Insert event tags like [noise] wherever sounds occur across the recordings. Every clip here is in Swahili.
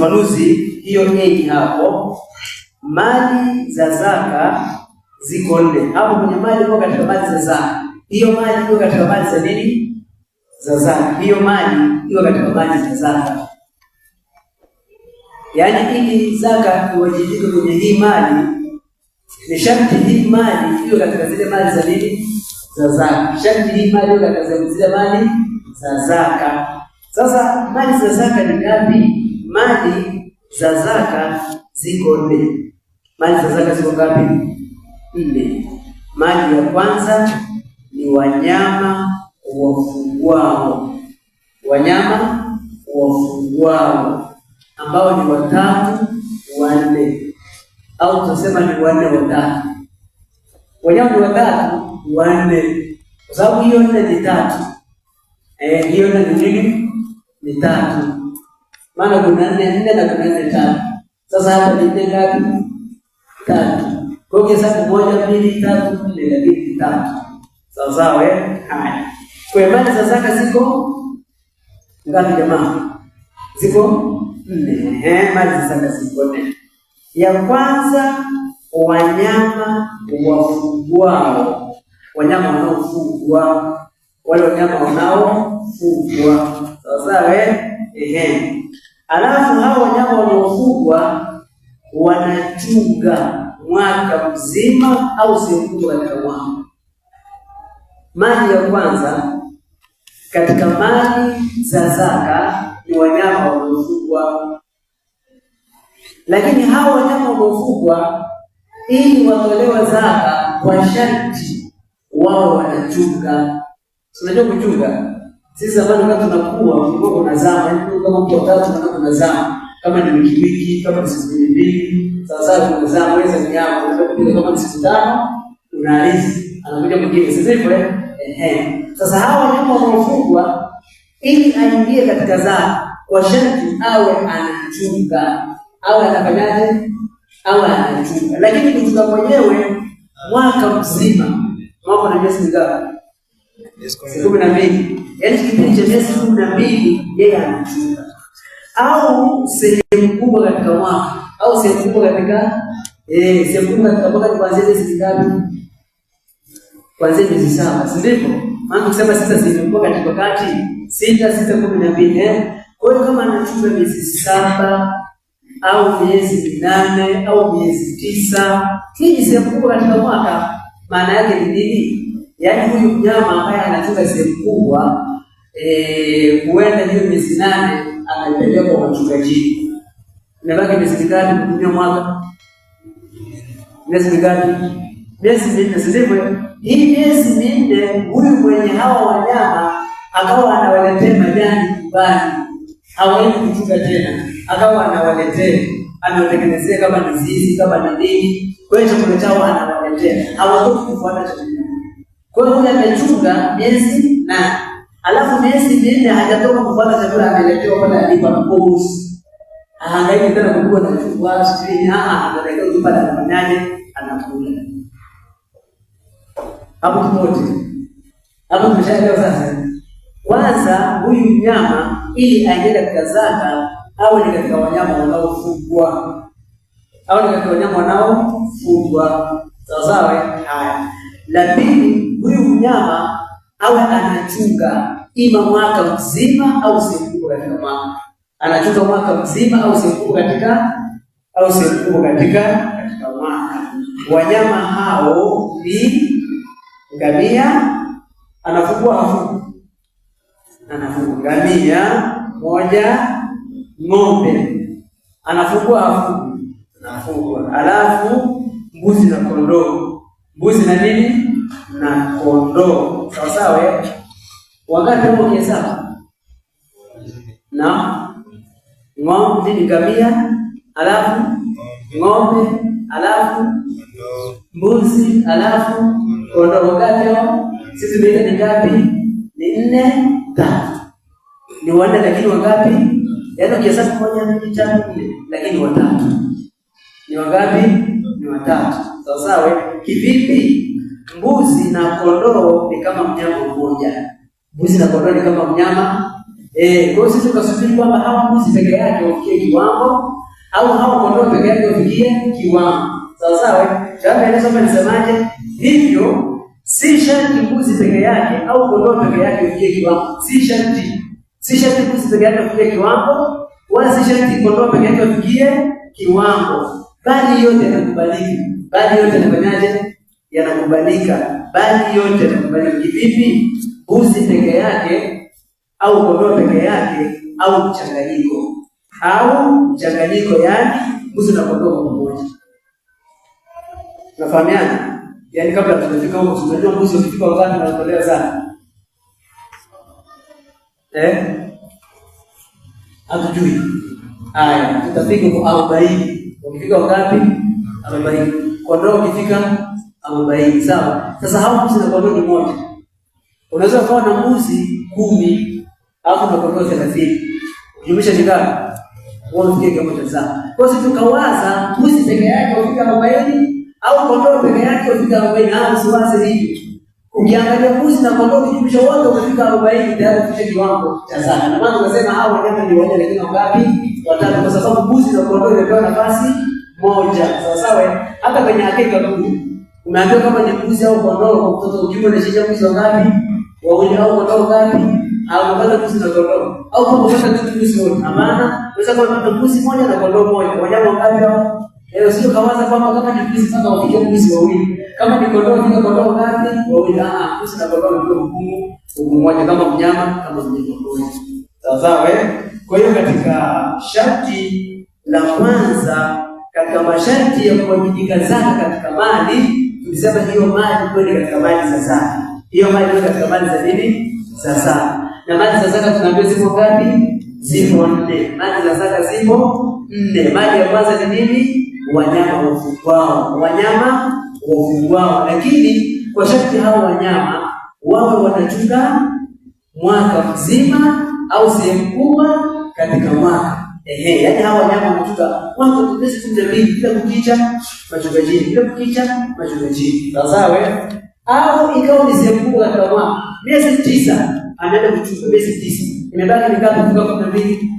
ufafanuzi hiyo ei hapo, mali za zaka ziko nne hapo. Kwenye mali iko katika mali za zaka, hiyo mali iko katika mali za nini? Za zaka. Hiyo mali iko katika mali za zaka, yaani ili zaka iwajibike kwenye hii mali ni sharti hii mali hiyo katika zile mali za nini? Za zaka. Sharti hii mali hiyo katika zile mali za zaka. Sasa mali za zaka ni ngapi? mali za zaka ziko nne. Mali za zaka ziko ngapi? Nne. Mali ya kwanza ni wanyama wafugwao, wanyama wafugwao ambao ni watatu wanne, au tunasema ni wanne watatu. Wanyama ni watatu wanne, kwa sababu hiyo nne ni tatu. Eh, hiyo nne ni nini? Ni tatu maana kuna nne nne na kuna nne tatu. Sasa hapa ni nne ngapi? Tatu. Kwa hiyo hesabu moja, mbili, tatu, nne, lakini tatu. Sawa sawa eh? Haya. Kwa imani za zaka ziko ngapi jamaa? Ziko nne. Eh, mali za zaka ziko nne. Ya kwanza wanyama wafugwao, wanyama wanaofugwa, wale wanyama wanaofugwa. Sawa sawa eh? Ehe. Alafu hao wanyama wanaofugwa wanachunga mwaka mzima au sehemu katika mwaka. Mali ya kwanza katika mali za zaka ni wanyama wanaofugwa, lakini hao wanyama wanaofugwa ili watolewe zaka, kwa sharti wao wanachunga. Unajua kuchunga sisi zamani wakati tunakuwa ulikuwa unazama, kama mtu watatu na unazama, kama ni wiki wiki, kama ni siku mbili, sawa sawa tunazama hizo ni yako, unaweza kupiga kama ni siku tano, unaalisi, anakuja mwingine. Sasa hivyo eh. Sasa hawa nyuma wanaofungwa ili aingie katika zama kwa sharti awe anachunga, awe anafanyaje? Awe anachunga. Lakini kuchunga mwenyewe mwaka mzima, mwaka na miezi mingapi? kumi na mbili yaani kipindi cha miezi kumi na mbili yeye anachunga, au sehemu kubwa katika mwaka, au sehemu kubwa katika eh, sehemu kubwa katika mwaka kuanzia miezi ngapi? Kuanzia miezi saba, si ndivyo? Maana kusema sita zilikuwa katika kati sita sita kumi na mbili eh. Kwa hiyo kama anachunga miezi saba au miezi minane au miezi tisa, hii ni sehemu kubwa katika mwaka. Maana yake ni nini? Yaani huyu mnyama ambaye anacheza sehemu kubwa e, huenda hiyo miezi nane anaipelekwa kwa mchungaji, inabaki miezi gani kutumia mwaka? Miezi gani? Miezi minne, sivyo? Hii miezi minne huyu mwenye hawa wanyama akawa anawaletea majani nyumbani, hawaendi kuchunga tena, akawa anawaletea, anawatengenezea kama mizizi, kama na nini, kwa hiyo chakula chao anawaletea, hawatoki kufuata chakula kwa hiyo huyu amechunga miezi na alafu miezi minne hajatoka kupata chakula, ameletewa pale alipa mkosi. Ahangaiki tena kukua na chungwa sijui ah, anatakiwa kupata anafanyaje, anakula hapo kimote hapo. Tumeshaelewa sasa. Kwanza huyu mnyama ili aingie katika au ni katika wanyama wanaofugwa, au ni katika wanyama wanaofugwa. Sawa sawa, haya la pili, huyu mnyama awe anachunga ima mwaka mzima au sehemu kubwa katika mwaka, anachunga mwaka mzima au sehemu kubwa katika au sehemu kubwa katika katika mwaka. Wanyama hao ni ngamia, anafugwa afu anafugwa ngamia moja, ng'ombe anafugwa afu anafugwa, alafu mbuzi na kondoo, mbuzi na nini na kondoo. Sawa sawa, wakati huo kihesabu na ng'ombe ni ngamia, alafu ng'ombe, alafu mbuzi, alafu kondoo. Wakati huo sisi tumeita ni ngapi? Ni nne tatu, ni wanne, lakini wangapi? Yaani ukihesabu moja, mbili, tatu, nne, lakini watatu ni wangapi? Ni watatu. Sawa sawa, kivipi? mbuzi na kondoo ni kama mnyama mmoja. Mbuzi na kondoo ni kama mnyama eh. Kwa hiyo sisi tukasubiri kwamba hawa mbuzi peke yake wafikie kiwango au hawa kondoo peke yake wafikie kiwango sawa sawa. Jambo hili sasa nisemaje? Hivyo si sharti mbuzi peke yake au kondoo peke yake wafikie kiwango, si sharti, si sharti mbuzi peke yake wafikie kiwango, wala si sharti kondoo peke yake wafikie kiwango, bali yote yanakubaliki, bali yote yanafanyaje yanakubalika, bali yote yanakubalika. Kivipi? Mbuzi peke yake au kondoo peke yake au mchanganyiko au mchanganyiko, yani mbuzi na kondoo kwa pamoja. Nafahamiana? Yaani kabla tunafika huko tunajua mbuzi ukifika wakati unatolewa sana. Eh? Hatujui. Haya, tutafika kwa arobaini. Ukifika wakati arobaini. Kondoo ukifika arobaini. Sawa. Sasa hao mbuzi zinakuwa ni moja, unaweza kuwa na mbuzi kumi alafu na kondoo thelathini kujumlisha shikana wafikie kiwango cha saa. Kwa hiyo tukawaza mbuzi peke yake ufika arobaini au kondoo peke yake ufika arobaini au usiwaze hivi Ukiangalia mbuzi na kondoo ukijumlisha wote umefika arobaini tayari kufikia kiwango cha zaka. Na maana unasema hao wanyama ni wanne lakini wangapi? Watatu, kwa sababu mbuzi na kondoo imepewa nafasi moja. Sawa sawa. Eh? Hata kwenye hakika kuu Umeambiwa kama ni mbuzi au kondoo, mtoto ujue unachinja mbuzi wangapi, wawili au kondoo ngapi, au kupata mbuzi na kondoo, au kama unataka kitu mbuzi wote. amana unaweza kuwa na mbuzi moja na kondoo moja, wanyama wangapi hao? Leo sio kawaza kwamba kama ni mbuzi sasa wafike mbuzi wawili, kama ni kondoo fika kondoo ngapi, wawili. Ah, ah, mbuzi na kondoo ndio mgumu, mgumu moja kama mnyama kama mnyama mmoja. Sawa eh? Kwa hiyo katika sharti la kwanza katika masharti ya kuwajibika zaka katika mali tulisema hiyo mali kwenda katika mali za zaka, hiyo mali kwenda katika mali za nini za zaka. Na mali za zaka tunaambiwa zipo ngapi? Zipo nne. Mali za zaka zipo nne. Mali ya kwanza ni nini? Wanyama wafugwao, wanyama wafugwao, lakini kwa sharti hao wanyama wawe wanachunga mwaka mzima au sehemu kubwa katika mwaka Ehe, yaani hawa wanyama wanatuta kwanza kutesi kumbe mbili bila kukicha, machoka jini bila kukicha, machoka jini. Sawa Au ikawa ni sembua kama miezi tisa anaenda kuchunga miezi tisa. Imebaki ni kama kufunga kumbe mbili.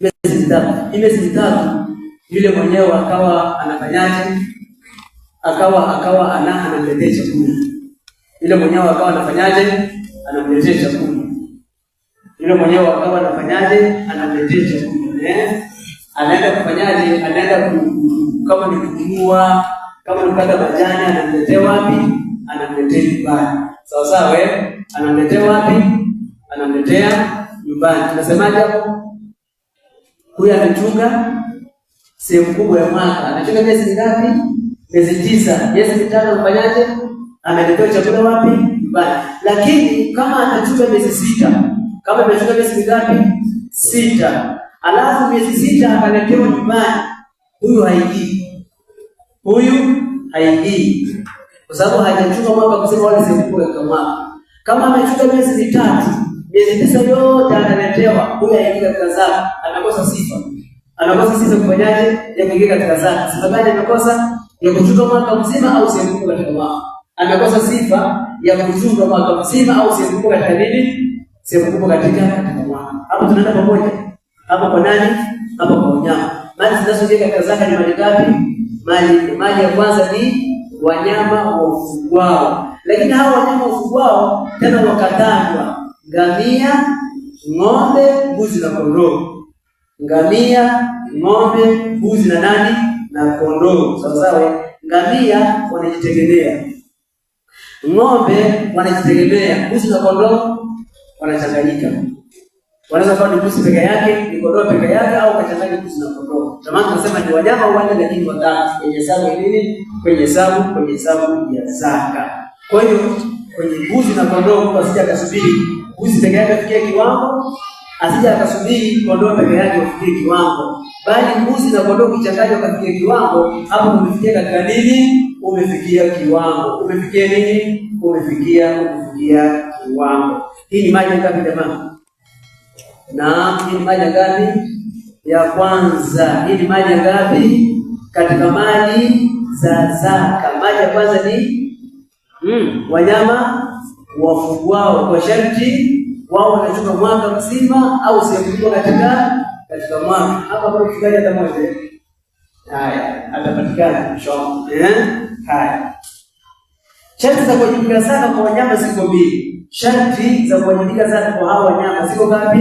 Miezi mitatu. Miezi mitatu yule mwenyewe akawa anafanyaje? Akawa akawa ana anamletea chakula. Yule mwenyewe akawa anafanyaje? Anamletea chakula yule mwenyewe akawa anafanyaje, anamletea chakula eh, anaenda kufanyaje, anaenda kama ni kununua, kama ni kata majani, anamletea wapi? Anamletea nyumbani. Sawa sawa, eh, anamletea wapi? Anamletea nyumbani. Tunasemaje hapo? Huyu anachunga sehemu kubwa ya mwaka, anachunga miezi ngapi? Miezi tisa, miezi mitano, anafanyaje? Analetea chakula wapi? Nyumbani. Lakini kama anachunga miezi sita kama imechukua miezi mingapi? Sita. Alafu miezi sita akaletewa nyumbani, huyu haingii, huyu haingii kwa sababu hajachukua mwaka kusema wale zilikuweka mwaka. Kama amechukua miezi mitatu, miezi tisa yote analetewa, huyu haingii katika zaka, anakosa sifa anakosa sifa kufanyaje ya kuingia katika zaka. sababu yeye anakosa? Ya kuchunga mwaka mzima au sehemu kubwa katika mwaka. Anakosa sifa ya kuchunga mwaka mzima au sehemu kubwa katika nini? sehemu kubwa katika hapo. Tunaenda pamoja hapo, kwa nani? Hapo kwa wanyama. Mali zinazojenga kazaka ni mali ngapi? Mali mali ya kwanza ni wanyama wa ufugwao, lakini hao wanyama wa ufugwao tena wakatajwa: ngamia, ng'ombe, mbuzi na kondoo. Ngamia, ng'ombe, mbuzi na nani na kondoo. Sawa sawa. Eh? Ngamia wanajitegemea, ng'ombe wanajitegemea, mbuzi na kondoo wanachanganyika. Wanaweza kuwa ni mbuzi peke yake, ni kondoo peke yake au kachanganya mbuzi na kondoo. Jamani tunasema ni wanyama wanne lakini watatu. Kwenye hesabu nini? Kwenye hesabu, kwenye hesabu ya zaka. Kwa hiyo kwenye mbuzi na kondoo mtu asije akasubiri mbuzi peke yake afikie kiwango, asije akasubiri kondoo peke yake afikie kiwango. Bali mbuzi na kondoo kichanganywa kafikia kiwango, hapo umefikia katika nini? Umefikia kiwango. Umefikia nini? Umefikia umefikia kiwango. Hii ni maji ngapi jamaa? Na hii ni maji ngapi ya kwanza? Hii ni maji ngapi katika mali za zaka? Maji ya kwanza ni mm, wanyama wafugwao kwa sharti wao wanachukua mwaka mzima au sehemu kubwa katika katika mwaka. Hapa kuna kigaja hata moja. Haya, atapatikana inshallah. Eh? Haya. Sharti za kuwajibika sana kwa wanyama ziko mbili. Sharti za kuwajibika sana kwa hawa wanyama ziko ngapi?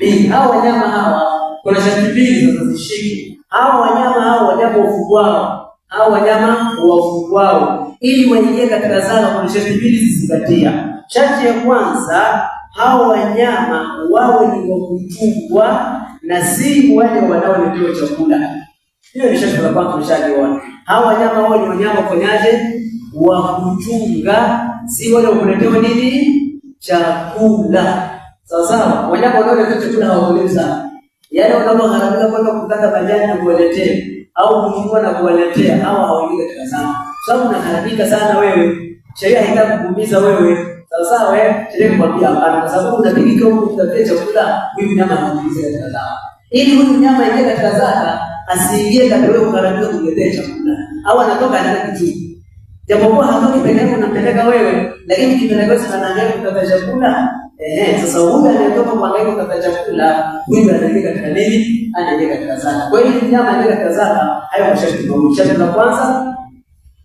Mbili. Hawa wanyama hawa kuna sharti mbili zinazozishika. Hawa wanyama hawa wanyama wafugwao, hawa wanyama wafugwao ili waingie katika zaka, kuna sharti mbili zizingatia. Sharti ya kwanza, hawa wanyama wawe ni wa kutubwa na si wale wanaoletewa chakula. Hiyo ni sharti la kwanza, tunashaliona. Hawa wanyama wao ni wanyama fanyaje? wa kuchunga, si wale wakuletewa nini chakula. Sawa sawa, wanyama wanaoleta chakula hawakolei sana, yale yaani wanyama wanaharibika kwenda kukata majani na kuwaletea au kuchukua na kuwaletea, au hawajui katika sana, sababu unaharibika sana wewe. Sheria haitaki wewe sawa sawa, wewe sheria inakwambia hapana, kwa sababu unadhibika huko, utapewa chakula, huyu mnyama anaingia katika zaka, ili huyu nyama aingie katika zaka asiingie katika wewe kuharibika kuletea chakula, au anatoka anaenda kitu Japokuwa hakuna kipeleka unampeleka wewe, lakini kipeleka wewe anaangalia kupata chakula. Ehe, sasa huyu anayetoka kuangalia kupata chakula, huyu anaingia katika nini? Anaingia katika zaka. Kwa hiyo mnyama anaingia katika zaka, hayo masharti mawili. Sharti la kwanza,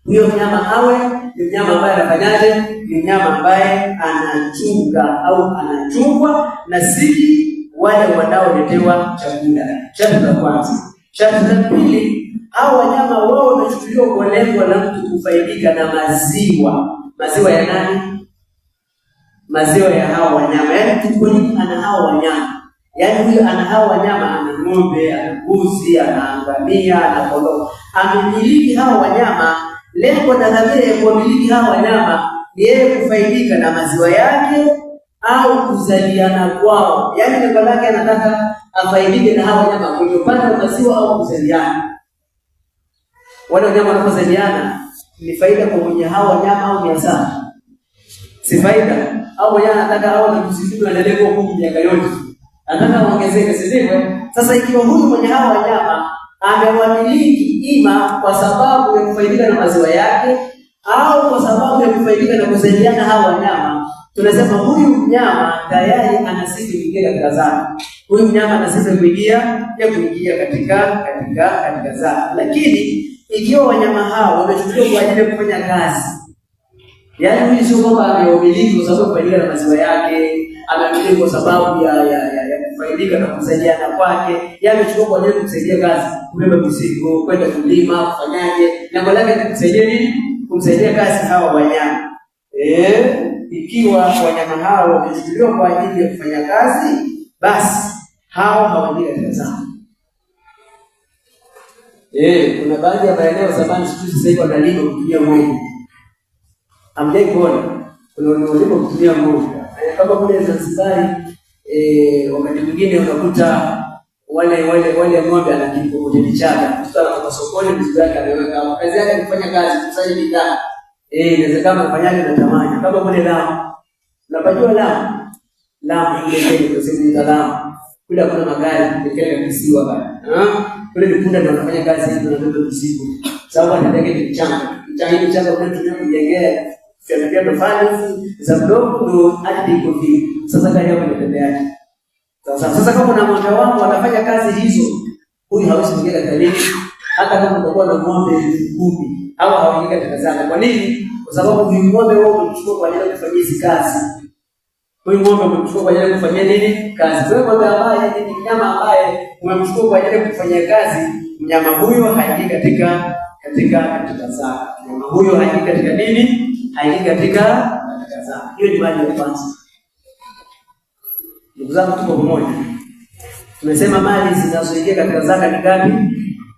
huyo mnyama awe ni mnyama ambaye anafanyaje? Ni mnyama ambaye anachunga au anachungwa na siki wale wanaoletewa chakula. Sharti la kwanza. Sharti la pili au wanyama wao wamechukuliwa kwa lengo la mtu kufaidika na maziwa. Maziwa ya nani? Maziwa ya hao wanyama. Yaani mtu kwenye ana hao wanyama, yaani huyo ana hao wanyama, ana ng'ombe, ana mbuzi, ana ngamia, ana kondoo, amemiliki hao wanyama. Lengo na dhamira ya kuwamiliki hao wanyama ni yeye kufaidika na maziwa yake au kuzaliana kwao, yaani lengo lake anataka afaidike na hao wanyama kwenye upande wa maziwa au kuzaliana wale wanyama wanapozaliana ni faida kwa mwenye hao wanyama au ni hasara? Si faida au wanyama anataka au ni kusifiku na endelee kwa huko miaka yote. Anataka ongezeke si ndivyo? Sasa ikiwa huyu mwenye hao wanyama amewamiliki ima kwa sababu ya kufaidika na maziwa yake au kwa sababu ya kufaidika na kuzaliana hao wanyama, tunasema huyu mnyama tayari ana sifa nyingine katika zake. Huyu mnyama ana sifa ya kuingia ya kuingia katika katika katika zake. Lakini ikiwa wanyama hao wamechukuliwa kwa ajili ya kufanya kazi, yaani huyu sio kwamba ameumiliki kwa sababu kwa ajili ya maziwa yake, amemiliki kwa sababu ya ya ya, kufaidika na kusaidiana kwake, yeye yaani amechukua kwa ajili ya kusaidia kazi, kubeba mizigo, kwenda kulima, kufanyaje, lengo lake ni nini? Kumsaidia kazi hawa wanyama eh. Ikiwa wanyama hao wamechukuliwa kwa ajili ya kufanya kazi, basi hao hawaingia zao. Eh, kuna baadhi ya maeneo zamani sisi sasa hivi wanalima kutumia Mungu. Amjai kuona. Kuna wanalima kutumia Mungu. Kama kule Zanzibar eh, wakati mwingine unakuta wale wale wale ng'ombe anakipo kwenye vichaka. Sasa kwa sokoni mzigo yake ameweka. Kazi yake ni kufanya kazi, kusanya bidhaa. Eh, inawezekana kufanyaje na tamani. Kama kule la Unapajua la Lamu ile ile ndio sisi Lamu. Kule kuna magari, ndio kile kisiwa bana. Ah? Ule ni punda ndio anafanya kazi hizo na ndio mzigo. Sababu anataka ni mchanga mchanga, ni mchanga kwa kitu kujengea. Kianapia tofali za mdogo ndio hadi iko vipi Sasa Kaya hapo inatembea yake. Sasa sasa kama kuna mmoja wangu anafanya kazi hizo, huyu hawezi kuingia katika hata kama utakuwa na ng'ombe 10 au hawaingia katika zaka. Kwa nini? Kwa sababu ng'ombe wao wamechukua kwa ajili ya kufanyia kazi. Kwa hiyo ng'ombe umemchukua kwa ajili ya kufanyia nini kazi? Kwa hiyo ng'ombe ambaye ni mnyama ambaye umemchukua kwa ajili ya kufanyia kazi, mnyama huyo haingii katika katika katika zaka. Mnyama huyo haingii katika nini? Haingii katika katika zaka. Hiyo ni mali ya kwanza. Ndugu zangu, tuko pamoja. Tumesema mali zinazoingia katika zaka ni ngapi?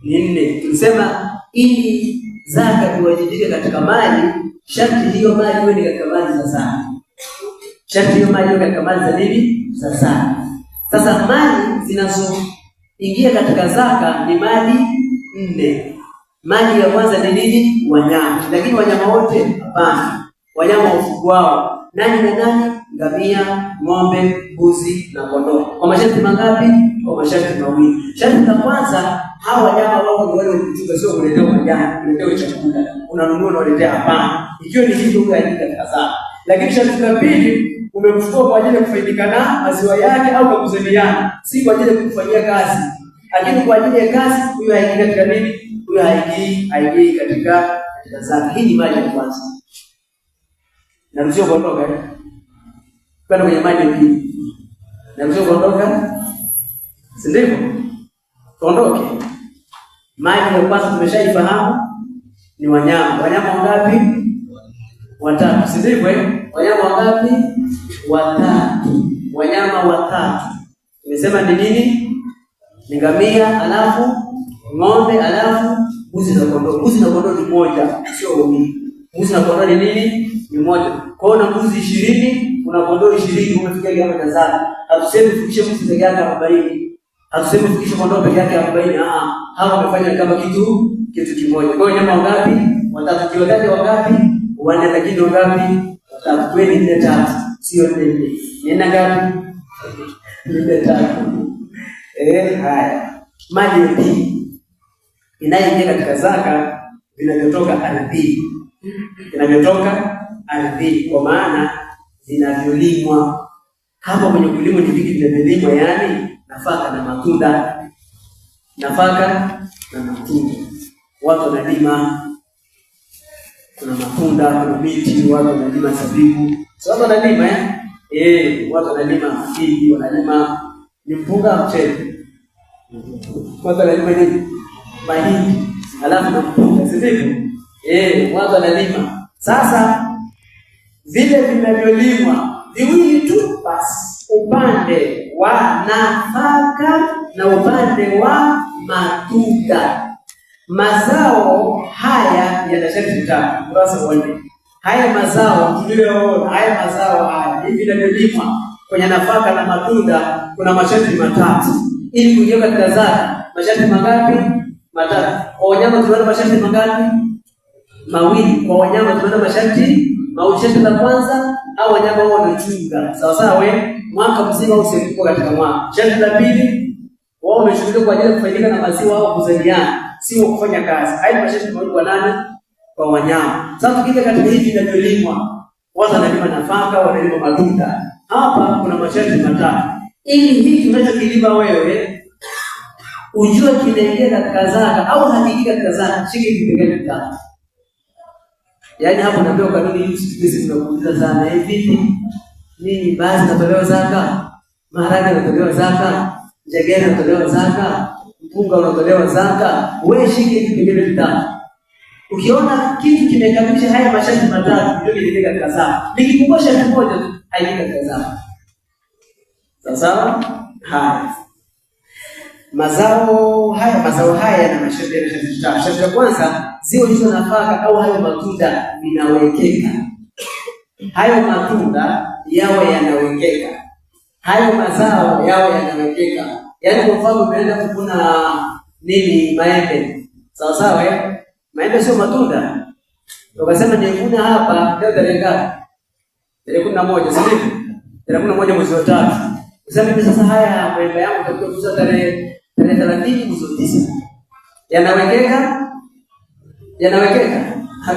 Ni nne. Tumesema ili zaka iwajibike katika mali, sharti hiyo mali iwe ni katika mali za zaka. Sharti hiyo mali katika mali za nini? Za zaka. Sasa mali zinazoingia katika zaka ni mali nne. Mali ya kwanza ni nini? Wanyama, lakini wanyama wote hapana. Wanyama wa nani na nani? Ngamia, ng'ombe, mbuzi na kondoo. Kwa masharti mangapi? Kwa masharti mawili. Sharti la kwanza, hawa wanyama wao ni wale kuchunga, sio kuletea majani, kuletea chakula. Unanunua na kuletea hapana. Ikiwa ni kitu katika zaka lakini sharti la pili umemchukua kwa ajili ya kufaidika na maziwa yake au kwa si kwa ajili ya kumfanyia kazi. Lakini kwa ajili ya kazi, huyo haingii katika nini? Huyo haingii, haingii katika katika zake. Hii ni mali ya kwanza, na mzio kuondoka eh, kwenda kwenye mali ya pili, mzio kuondoka, si ndivyo? Tuondoke. Mali ya kwanza tumeshaifahamu ni wanyama. Wanyama wangapi? watatu, si ndivyo? Eh? Wanyama wangapi? Watatu, wanyama watatu. Nimesema ni nini? Ni ngamia, alafu ng'ombe, alafu mbuzi na kondoo. Mbuzi na kondoo ni moja, sio wawili. Mbuzi na kondoo ni nini? Ni moja. Kwa hiyo na mbuzi ishirini, kuna kondoo ishirini, umefikia hapa Tanzania. Hatusemi fikishe mbuzi peke yake arobaini, hatusemi fikishe kondoo peke yake arobaini. Ah, hawa wamefanya kama kitu kitu kimoja. Kwa hiyo nyama wangapi? Watatu. Kiwataje wangapi? Uwanja takindo ngapi? Takweni nne tatu, sio nne. Nena ngapi? Nne tatu. [laughs] Eh, haya. Mali ni inayoingia katika zaka vinavyotoka ardhini. Vinavyotoka ardhini kwa maana vinavyolimwa. Hapa kwenye kulimo ni vitu vinavyolimwa yaani nafaka na matunda. Nafaka na matunda. Watu wanalima kuna matunda, kuna miti, watu wanalima zabibu. Sasa wanalima eh? Eh, watu wanalima figi, wanalima ni mpunga mchele. Watu wanalima nini? Mahindi. Alafu na mpunga, si ndivyo? Eh, watu wanalima. Sasa vile vinavyolimwa viwili tu basi, upande wa nafaka na upande wa matunda. Mazao haya ya yanashati vitabu kurasa wa nne. Haya mazao tuliyoona, haya mazao haya hivi inavyolima kwenye nafaka na matunda, kuna masharti matatu ili kuiweka kila zaka. Masharti mangapi? Matatu. Kwa wanyama tunaona masharti mangapi? Mawili. Kwa wanyama tunaona masharti mawili. Sharti la kwanza, au wanyama wao wanachunga sawa sawa, we mwaka mzima au sehemu katika mwaka. Sharti la pili, wao wameshughulika kwa ajili ya kufaidika na maziwa au kuzaliana sio kufanya kazi. Haya ni masharti mawili kwa nani? Kwa wanyama. Sasa tukija katika hivi vinavyolimwa, watu wanalima nafaka, wanalima matunda. Hapa kuna masharti matatu, ili hiki unachokilima wewe ujue kinaingia katika zaka au hakiingia katika zaka. Shiki kipengele vitatu. Yaani hapo napewa kanuni hii, sisi tunakuuliza sana hivi eh, nini, basi natolewa zaka, maharage natolewa zaka, njegere natolewa zaka mpunga unatolewa zaka, wewe shike hivi vingine vitatu. Ukiona kitu kimekamilisha haya masharti matatu, ndio kinaingia katika zaka. Nikikumbusha kitu moja tu, haingii katika zaka. sawa? haya mazao haya mazao haya yana masharti ya masharti tatu. Sharti ya kwanza, zio hizo nafaka au hayo matunda vinawekeka, hayo matunda yawe yanawekeka, hayo mazao yawe yanawekeka Yaani kwa mfano umeenda kuvuna nini maembe. Sawa sawa eh? Maembe sio matunda. Ukasema nimevuna hapa leo tarehe ngapi? Tarehe moja, si ndivyo? Tarehe moja mwezi wa tatu. Useme hivi sasa haya maembe yangu takuwa kuuza tarehe tarehe 30 mwezi wa tisa. Yanawekeka? Yanawekeka?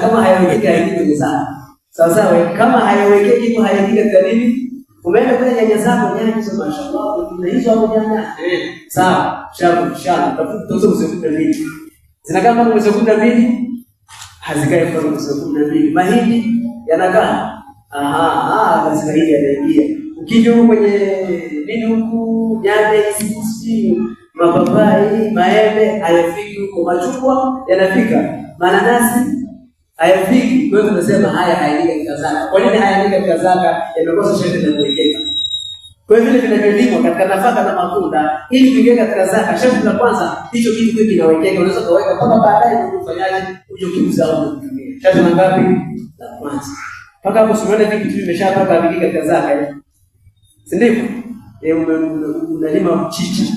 Kama hayawekeki haingii kwenye sana. Sawa sawa. Eh? Kama hayawekeki kwa haingii katika nini? Umeenda kwenye nyanya zako nyanya hizo mashallah, na hizo hapo nyanya. Eh. Sawa, shabu shabu. Tafuta hizo usikute mbili. Zinakaa kama usikute mbili. Hazikae kama usikute mbili. Mahindi yanakaa. Aha, ah, lazima hili yanaingia. Ukija huko kwenye nini huku nyanya hizi hizi mapapai, maembe hayafiki huko, machungwa yanafika. Mananasi hayafiki. Kwa hiyo tunasema haya hayaingii katika zaka. Kwa nini hayaingii katika zaka? Yamekosa sharti za kuwekeka. Kwa hiyo vile vinavyolimwa katika nafaka na matunda, ili kuingia katika zaka, sharti la kwanza, hicho kitu kiwe kinawekeka. Unaweza kuweka kama baadaye ufanyaje, uje ukiuza au kutumia. Sharti la ngapi? La kwanza. Mpaka hapo simuone vipi kitu vimeshatoka vingi katika zaka, eh? si ndivyo? Eh, unalima mchicha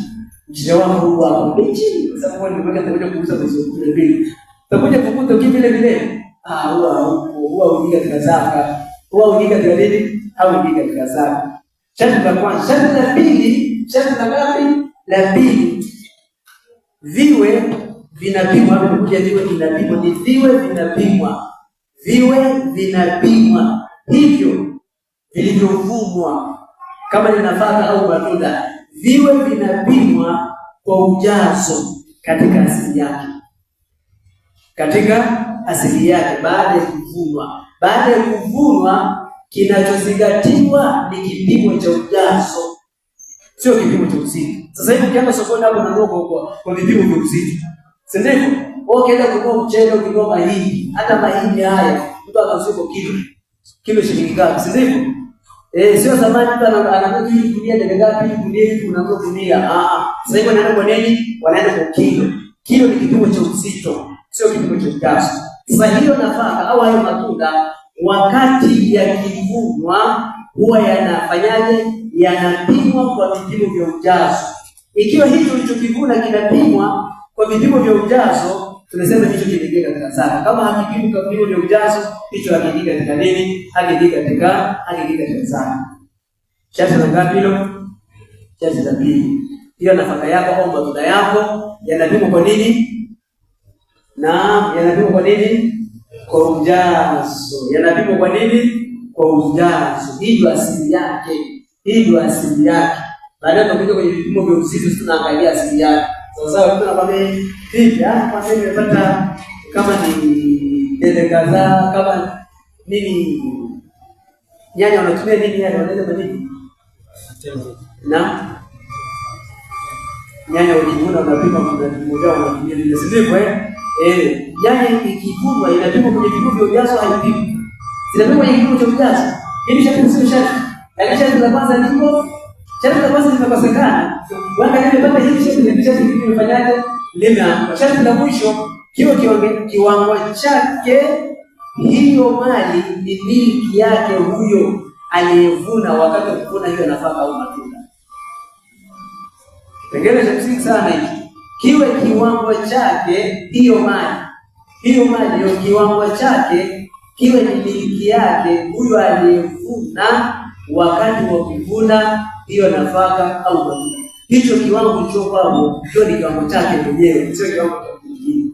mchicha wako huu hapo kwa sababu nimeweka takuja kuuza vizuri vile vile, takuja kukuta ukivile vile ah, huwa huko huwa huingia katika zaka, huwa huingia katika dini au katika zaka. Sharti la kwanza, sharti la pili, sharti la ngapi? La pili, viwe vinapimwa au kuja viwe vinapimwa, ni viwe vinapimwa, viwe vinapimwa hivyo vilivyovunwa, kama ni nafaka au matunda, viwe vinapimwa kwa ujazo katika asili yake katika asili yake baada ya kuvunwa. Baada ya kuvunwa, kinachozingatiwa ni kipimo cha ujazo, sio kipimo cha uzito. Sasa hivi ukienda sokoni hapo na roho huko kwa vipimo vya uzito, si ndivyo? Wewe ukienda kununua mchele, ukinunua mahindi, hata mahindi haya mtu anauza kwa kilo kilo shilingi ngapi, si ndivyo? Eh, sio zamani mtu anataka hii kulia dada ngapi, kulia hivi unaanza kulia. Ah, ah, sasa hivi wanaenda kwa nini? Wanaenda kwa kilo. Kilo ni kipimo cha uzito, sio kipimo cha ujazo. Sasa hiyo nafaka au hayo matunda wakati yakivunwa huwa yanafanyaje? Yanapimwa kwa vipimo vya ujazo. Ikiwa hicho ulichokivuna kinapimwa kwa vipimo vya ujazo, tunasema hicho kinaingia katika zaka. Kama hakipimwi kwa vipimo vya ujazo, hicho hakiingia katika nini? Hakiingia katika hakiingia katika zaka. Chache za ngapi hilo? Chache za pili. Hiyo nafaka yako au matunda yako yanapimwa kwa nini? na yanapimwa kwa nini? Kwa ujazo. Yanapimwa kwa nini? Kwa ujazo. Hii ndio asili yake, hii ndio asili yake. Baadaye tutakuja kwenye vipimo vya uzito, tunaangalia asili yake. Sasa mtu anakwambia hivi, ah, kwa nini nimepata kama ni dede kadhaa, kama nini, nyanya unatumia nini, unaweza yaani kwa nini na nyanya, ukivuna unapima, kwa mmoja wanatumia lile, Sivyo, ndivyo eh? Eh, nyanya ikivunwa inapelekwa kwenye vituo vya ujazo haipiki. Zinapelekwa kwenye kituo cha ujazo. Hili shati sio shati. Lakini shati la kwanza lipo. Shati la kwanza limekosekana. Wanga ile baba hili shati ni shati lipi limefanyaje? Limeanguka. Shati la mwisho kiwe kiwango chake hiyo mali ni milki yake huyo aliyevuna wakati wa kuvuna hiyo nafaka au matunda. Kipengele cha msingi sana hiki kiwe kiwango chake, hiyo mali hiyo mali hiyo kiwango chake kiwe ni miliki yake huyo aliyevuna wakati wa kuvuna hiyo nafaka au maua. Hicho kiwango kwao, hiyo ni kiwango chake mwenyewe, sio kiwango cha mwingine.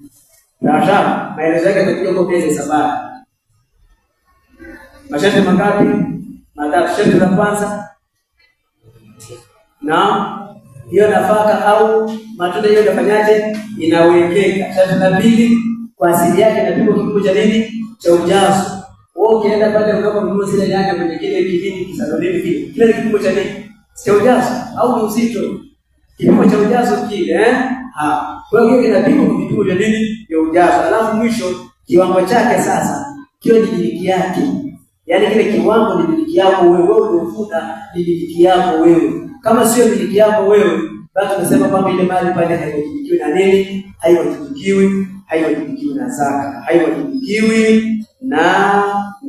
Naasha maelezo yake yatakuja huko mbele. Sababu masharti mangapi? Matatu. Sharti la kwanza na hiyo nafaka au matunda hiyo inafanyaje? Inawekeka. Sasa pili kwa asili yake na kipimo kikubwa cha nini cha ujazo. Wewe ukienda pale unaponunua zile nyanya kwenye kile kijiji kisaloni kile, kile ni kipimo cha nini cha ujazo au ni uzito, kipimo cha ujazo kile eh. Ha, kwa hiyo kinapimwa kwa vipimo cha nini vya ujazo, alafu mwisho kiwango chake sasa kio ni miliki yake, yaani kile kiwango ni miliki yako wewe, wewe unafuta ni miliki yako wewe kama sio miliki yako wewe, basi tunasema kwamba ile mali pale haiwajibikiwi na nini? Haiwajibikiwi, haiwajibikiwi na zaka, haiwajibikiwi na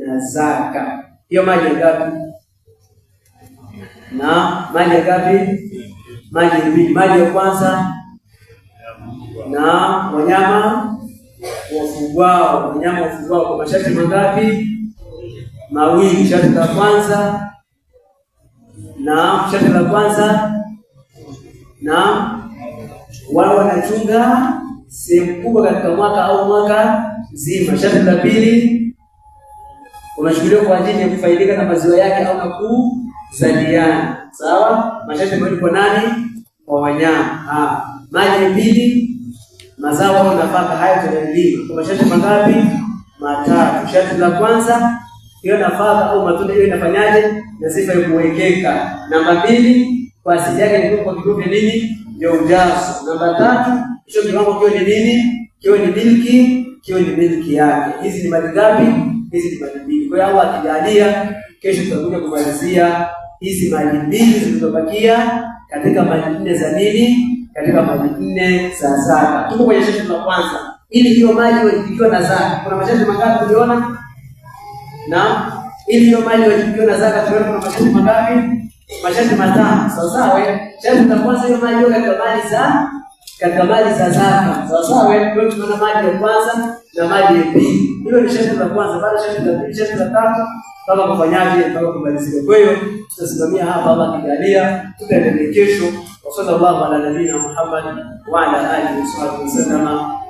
na zaka. Hiyo mali ya ngapi? Na mali ya ngapi? Mali mbili. Mali ya kwanza na wanyama wafugwao, wanyama wafugwao kwa masharti mangapi? Mawili. Sharti la kwanza na shati la kwanza. na wao wanachunga sehemu kubwa katika mwaka au mwaka mzima. Shati la pili, unashughuliwa kwa ajili ya kufaidika na maziwa yake au makuu zaliana. Sawa, mashati ambayo kwa nani? Kwa wanyama. maji mbili, mazao au nafaka. Hayo tunayalima kwa mashati mangapi? Matatu. Shati la kwanza hiyo nafaka au matunda hiyo inafanyaje? Na sifa ikuwekeka. Namba mbili, kwa asili yake ni kwa kidume nini? Ndio ujazo. Namba tatu, hicho kiwango kio ni nini? kio ni milki, kio ni milki yake. Hizi ni mali ngapi? Hizi ni mali mbili. Kwa hiyo akijalia kesho tutakuja kumalizia hizi mali mbili zilizobakia katika mali nne za nini? Katika mali nne za zaka. Tuko kwenye sheshe la kwanza. Ili hiyo mali iwe ikiwa na zaka. Kuna masheshe mangapi tuliona? na ili eh? hiyo mali wajibiona zaka tuone kuna mashati mangapi? Mashati matano. Sawa sawa. Sasa la hiyo mali katika mali za katika mali za zaka. Sawa sawa. Eh? Kwa hiyo tunaona mali ya kwanza na mali ya pili. Hiyo ni shati la kwanza, baada shati la pili, shati la tatu kama kufanyaje kama kumalizika. Kwa hiyo tutasimamia hapa hapa kijalia, tutaendelea kesho. Wa sallallahu ala nabina Muhammad wa ala alihi wasallam.